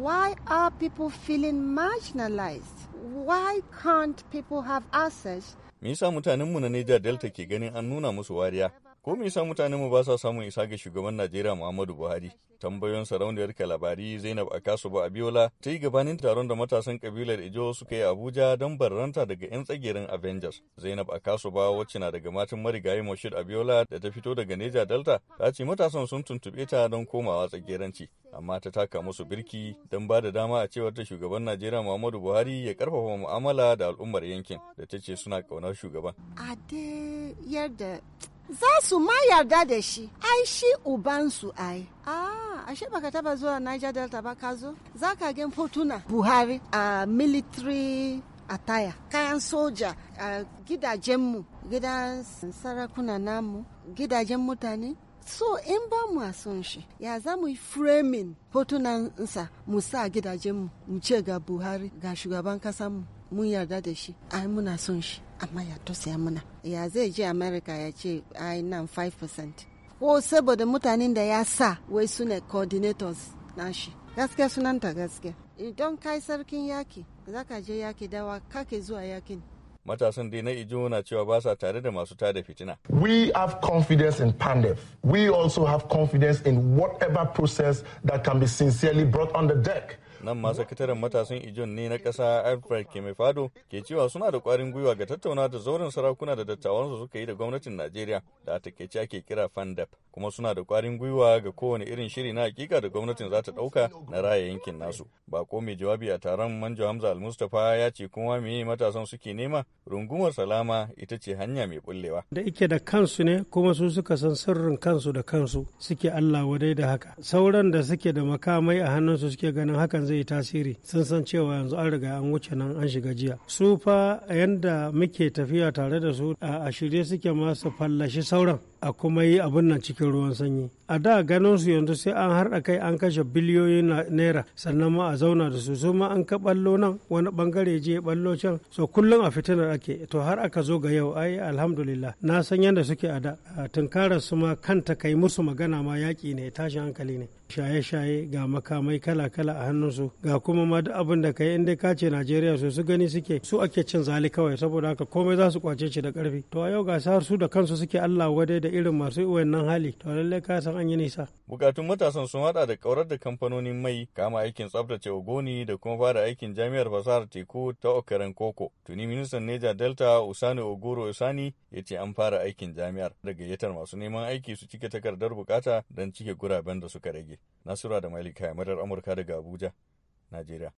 Why are people feeling marginalized? Why can't people have access? Me yasa mutanenmu na Niger Delta ke ganin an nuna musu wariya Ko me yasa mutanen mu ba sa samun isa ga shugaban Najeriya Muhammadu Buhari? Tambayoyin sarauniyar kalabari Zainab Akasuba Abiola ta yi gabanin taron da matasan kabilar Ijo suka yi Abuja don barranta daga 'yan tsagerin Avengers. Zainab Akasuba wacce na daga matan marigayi Moshid Abiola da ta fito daga Neja Delta ta ce matasan sun tuntuɓe ta don komawa tsageranci. Amma ta taka musu birki don ba da dama a cewar ta shugaban Najeriya Muhammadu Buhari ya karfafa mu'amala da al'ummar yankin da ta ce suna ƙaunar shugaban. A yadda za su ma yarda da shi ai shi ubansu ai a ah, ashe baka taba zuwa Niger Delta ba ka zo za ka gan fotuna Buhari a military attire kayan soja a gidajenmu gidan sarakuna namu gidajen mutane so in ba mu a son shi ya za mu yi framing hotunansa musa sa gidajenmu mu ce ga buhari ga shugaban kasanmu mun yarda da shi ai muna son shi amma ya tausaya muna ya zai je america ya ce ai nan 5% ko saboda mutanen da ya sa wai su ne coordinators nashi gaskiya sunanta gaskiya idan kai sarkin yaki zaka je yaki dawa kake zuwa yakin matasan dai na ijo na cewa ba sa tare da masu tada fitina. We have confidence in Pandef. We also have confidence in whatever process that can be sincerely brought on the deck. nan ma sakataren matasan ijon ne na ƙasa alfred kemefado ke cewa suna da ƙwarin gwiwa ga tattauna da zauren sarakuna da dattawansu suka yi da gwamnatin najeriya da a takaice ake kira fandap kuma suna da ƙwarin gwiwa ga kowane irin shiri na hakika da gwamnatin za ta ɗauka na raya yankin nasu bako mai jawabi a taron manjo hamza almustapha ya ce kuma me matasan suke nema rungumar salama ita ce hanya mai bullewa da ike da kansu ne kuma su suka san sirrin kansu da kansu suke allah wadai da haka sauran da suke da makamai a hannunsu suke ganin hakan zai yi tasiri sun san cewa yanzu an riga an wuce nan an shiga jiya su fa yanda muke tafiya tare da su a shirye suke masu fallashi sauran a kuma yi abin nan cikin ruwan sanyi a da ganin su yanzu sai an harɗa kai an kashe biliyoyin naira sannan ma a zauna da su su ma an ka ballo nan wani bangare je ballo can so kullum a fitinar ake to har aka zo ga yau ai alhamdulillah na san yadda suke a da tunkarar su ma kanta kai musu magana ma yaƙi ne tashin hankali ne shaye-shaye ga makamai kala-kala a hannunsu su ga kuma ma duk abin da kai inda ka ce Najeriya su su gani suke su ake cin zali kawai saboda haka komai za su kwace shi da karfi to a yau ga har su da kansu suke Allah wadai da irin masu wannan hali to lalle ka san an yi nisa bukatun matasan sun hada da kaurar da kamfanonin mai kama aikin tsaftace ogoni da kuma fara aikin jami'ar fasahar teku ta okaren koko tuni ministan Neja Delta Usani Ogoro Usani ya ce an fara aikin jami'ar da gayyatar masu neman aiki su cike takardar bukata don cike guraben da suka rage Nasura da Malika madar Amurka daga Abuja Nadira.